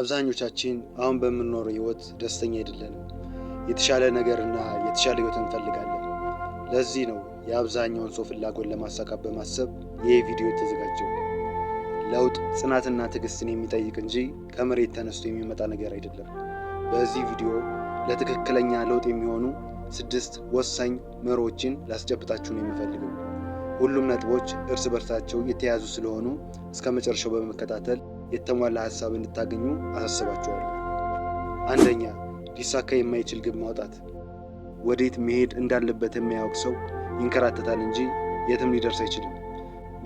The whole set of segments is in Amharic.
አብዛኞቻችን አሁን በምንኖረው ህይወት ደስተኛ አይደለንም። የተሻለ ነገርና የተሻለ ህይወት እንፈልጋለን። ለዚህ ነው የአብዛኛውን ሰው ፍላጎት ለማሳካት በማሰብ ይህ ቪዲዮ የተዘጋጀው። ለውጥ ጽናትና ትዕግስትን የሚጠይቅ እንጂ ከመሬት ተነስቶ የሚመጣ ነገር አይደለም። በዚህ ቪዲዮ ለትክክለኛ ለውጥ የሚሆኑ ስድስት ወሳኝ መሮዎችን ላስጨብጣችሁ ነው የሚፈልገው። ሁሉም ነጥቦች እርስ በርሳቸው የተያዙ ስለሆኑ እስከ መጨረሻው በመከታተል የተሟላ ሀሳብ እንድታገኙ አሳስባችኋለሁ። አንደኛ ሊሳካ የማይችል ግብ ማውጣት። ወዴት መሄድ እንዳለበት የሚያውቅ ሰው ይንከራተታል እንጂ የትም ሊደርስ አይችልም።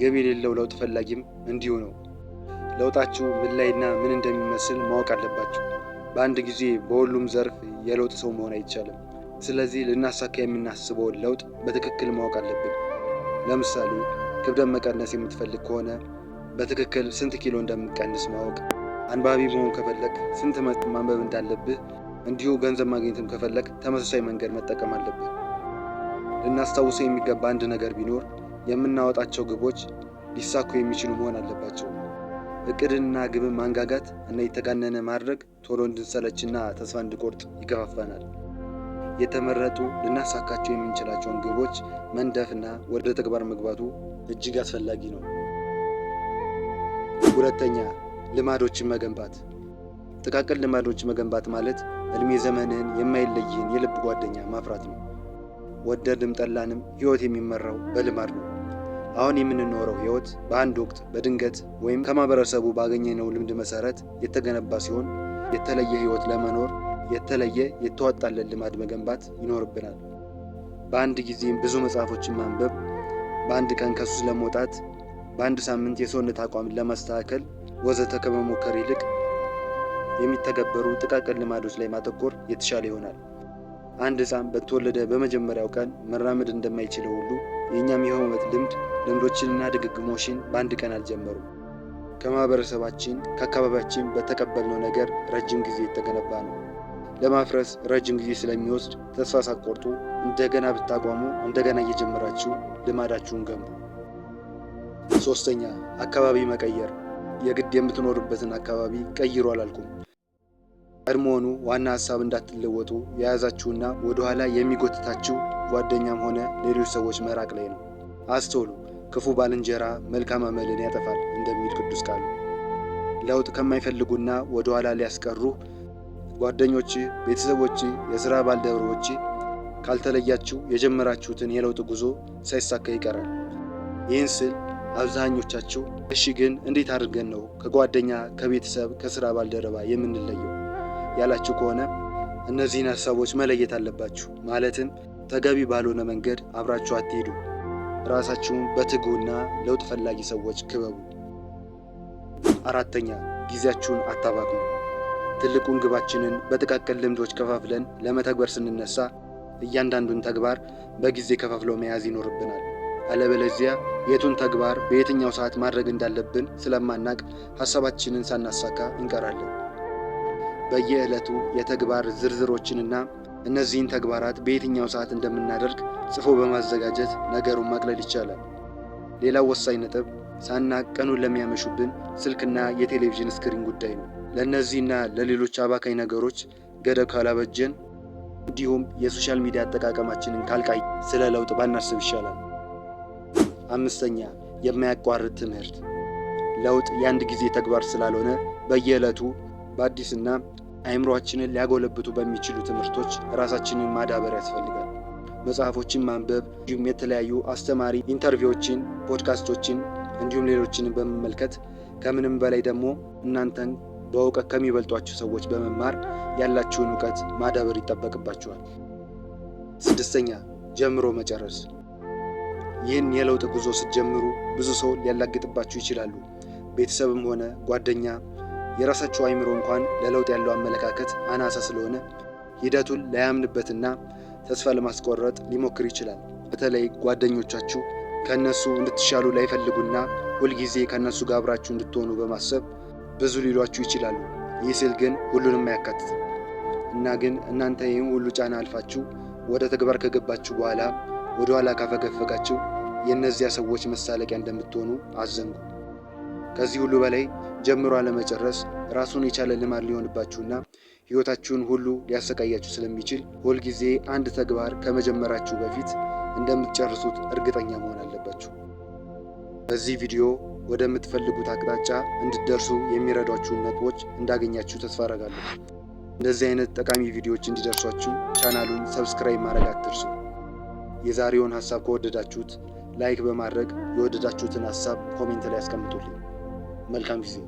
ግብ የሌለው ለውጥ ፈላጊም እንዲሁ ነው። ለውጣችሁ ምን ላይና ምን እንደሚመስል ማወቅ አለባችሁ። በአንድ ጊዜ በሁሉም ዘርፍ የለውጥ ሰው መሆን አይቻልም። ስለዚህ ልናሳካ የምናስበውን ለውጥ በትክክል ማወቅ አለብን። ለምሳሌ ክብደት መቀነስ የምትፈልግ ከሆነ በትክክል ስንት ኪሎ እንደምቀንስ ማወቅ፣ አንባቢ መሆን ከፈለግ ስንት ማንበብ እንዳለብህ፣ እንዲሁ ገንዘብ ማግኘትም ከፈለግ ተመሳሳይ መንገድ መጠቀም አለብህ። ልናስታውሰው የሚገባ አንድ ነገር ቢኖር የምናወጣቸው ግቦች ሊሳኩ የሚችሉ መሆን አለባቸው። እቅድንና ግብን ማንጋጋት እና የተጋነነ ማድረግ ቶሎ እንድንሰለችና ተስፋ እንድቆርጥ ይገፋፋናል። የተመረጡ ልናሳካቸው የምንችላቸውን ግቦች መንደፍና ወደ ተግባር መግባቱ እጅግ አስፈላጊ ነው። ሁለተኛ ልማዶችን መገንባት። ጥቃቅን ልማዶችን መገንባት ማለት እድሜ ዘመንህን የማይለይህን የልብ ጓደኛ ማፍራት ነው። ወደድም ጠላንም ህይወት የሚመራው በልማድ ነው። አሁን የምንኖረው ህይወት በአንድ ወቅት በድንገት ወይም ከማህበረሰቡ ባገኘነው ልምድ መሰረት የተገነባ ሲሆን የተለየ ህይወት ለመኖር የተለየ የተዋጣለን ልማድ መገንባት ይኖርብናል። በአንድ ጊዜም ብዙ መጽሐፎችን ማንበብ፣ በአንድ ቀን ከሱስ ለመውጣት በአንድ ሳምንት የሰውነት አቋም ለማስተካከል ወዘተ ከመሞከር ይልቅ የሚተገበሩ ጥቃቅን ልማዶች ላይ ማተኮር የተሻለ ይሆናል። አንድ ህፃን በተወለደ በመጀመሪያው ቀን መራመድ እንደማይችለው ሁሉ የእኛም የህመመት ልምድ ልምዶችንና ድግግሞሽን በአንድ ቀን አልጀመሩም። ከማህበረሰባችን ከአካባቢያችን በተቀበልነው ነገር ረጅም ጊዜ የተገነባ ነው። ለማፍረስ ረጅም ጊዜ ስለሚወስድ ተስፋ ሳትቆርጡ እንደገና ብታቋሙ እንደገና እየጀመራችሁ ልማዳችሁን ገንቡ። ሶስተኛ አካባቢ መቀየር። የግድ የምትኖርበትን አካባቢ ቀይሩ አላልኩም። ቀድሞውኑ ዋና ሀሳብ እንዳትለወጡ የያዛችሁና ወደኋላ የሚጎትታችሁ ጓደኛም ሆነ ሌሎች ሰዎች መራቅ ላይ ነው። አስተውሉ፣ ክፉ ባልንጀራ መልካም አመልን ያጠፋል እንደሚል ቅዱስ ቃሉ። ለውጥ ከማይፈልጉና ወደኋላ ሊያስቀሩ ጓደኞች፣ ቤተሰቦች፣ የሥራ ባልደረቦች ካልተለያችሁ የጀመራችሁትን የለውጥ ጉዞ ሳይሳካ ይቀራል። ይህን ስል አብዛኞቻቸው እሺ ግን እንዴት አድርገን ነው ከጓደኛ ከቤተሰብ ከስራ ባልደረባ የምንለየው ያላችሁ ከሆነ እነዚህን ሀሳቦች መለየት አለባችሁ። ማለትም ተገቢ ባልሆነ መንገድ አብራችሁ አትሄዱ። ራሳችሁን በትጉና ለውጥ ፈላጊ ሰዎች ክበቡ። አራተኛ ጊዜያችሁን አታባክኑ። ትልቁን ግባችንን በጥቃቅን ልምዶች ከፋፍለን ለመተግበር ስንነሳ እያንዳንዱን ተግባር በጊዜ ከፋፍለው መያዝ ይኖርብናል። አለበለዚያ የቱን ተግባር በየትኛው ሰዓት ማድረግ እንዳለብን ስለማናቅ ሀሳባችንን ሳናሳካ እንቀራለን። በየዕለቱ የተግባር ዝርዝሮችንና እነዚህን ተግባራት በየትኛው ሰዓት እንደምናደርግ ጽፎ በማዘጋጀት ነገሩን ማቅለል ይቻላል። ሌላው ወሳኝ ነጥብ ሳናቅ ቀኑን ለሚያመሹብን ስልክና የቴሌቪዥን ስክሪን ጉዳይ ነው። ለእነዚህና ለሌሎች አባካኝ ነገሮች ገደብ ካላበጀን እንዲሁም የሶሻል ሚዲያ አጠቃቀማችንን ካልቃይ ስለ ለውጥ ባናስብ ይሻላል። አምስተኛ የማያቋርጥ ትምህርት። ለውጥ የአንድ ጊዜ ተግባር ስላልሆነ በየዕለቱ በአዲስና አእምሯችንን ሊያጎለብቱ በሚችሉ ትምህርቶች ራሳችንን ማዳበር ያስፈልጋል። መጽሐፎችን ማንበብ እንዲሁም የተለያዩ አስተማሪ ኢንተርቪዎችን፣ ፖድካስቶችን እንዲሁም ሌሎችንም በመመልከት ከምንም በላይ ደግሞ እናንተን በእውቀት ከሚበልጧችሁ ሰዎች በመማር ያላችሁን እውቀት ማዳበር ይጠበቅባችኋል። ስድስተኛ ጀምሮ መጨረስ ይህን የለውጥ ጉዞ ስትጀምሩ ብዙ ሰው ሊያላግጥባችሁ ይችላሉ። ቤተሰብም ሆነ ጓደኛ፣ የራሳችሁ አይምሮ እንኳን ለለውጥ ያለው አመለካከት አናሳ ስለሆነ ሂደቱን ላያምንበትና ተስፋ ለማስቆረጥ ሊሞክር ይችላል። በተለይ ጓደኞቻችሁ ከእነሱ እንድትሻሉ ላይፈልጉና ሁልጊዜ ከእነሱ ጋር አብራችሁ እንድትሆኑ በማሰብ ብዙ ሊሏችሁ ይችላሉ። ይህ ስል ግን ሁሉንም አያካትትም እና ግን እናንተ ይህም ሁሉ ጫና አልፋችሁ ወደ ተግባር ከገባችሁ በኋላ ወደ ኋላ ካፈገፈጋችሁ የእነዚያ ሰዎች መሳለቂያ እንደምትሆኑ አዘንጉ። ከዚህ ሁሉ በላይ ጀምሮ አለመጨረስ ራሱን የቻለ ልማድ ሊሆንባችሁና ሕይወታችሁን ሁሉ ሊያሰቃያችሁ ስለሚችል ሁልጊዜ አንድ ተግባር ከመጀመራችሁ በፊት እንደምትጨርሱት እርግጠኛ መሆን አለባችሁ። በዚህ ቪዲዮ ወደምትፈልጉት አቅጣጫ እንድትደርሱ የሚረዷችሁን ነጥቦች እንዳገኛችሁ ተስፋ አረጋለሁ። እንደዚህ አይነት ጠቃሚ ቪዲዮዎች እንዲደርሷችሁ ቻናሉን ሰብስክራይብ ማድረግ አትርሱ። የዛሬውን ሀሳብ ከወደዳችሁት ላይክ በማድረግ የወደዳችሁትን ሀሳብ ኮሜንት ላይ ያስቀምጡልኝ። መልካም ጊዜ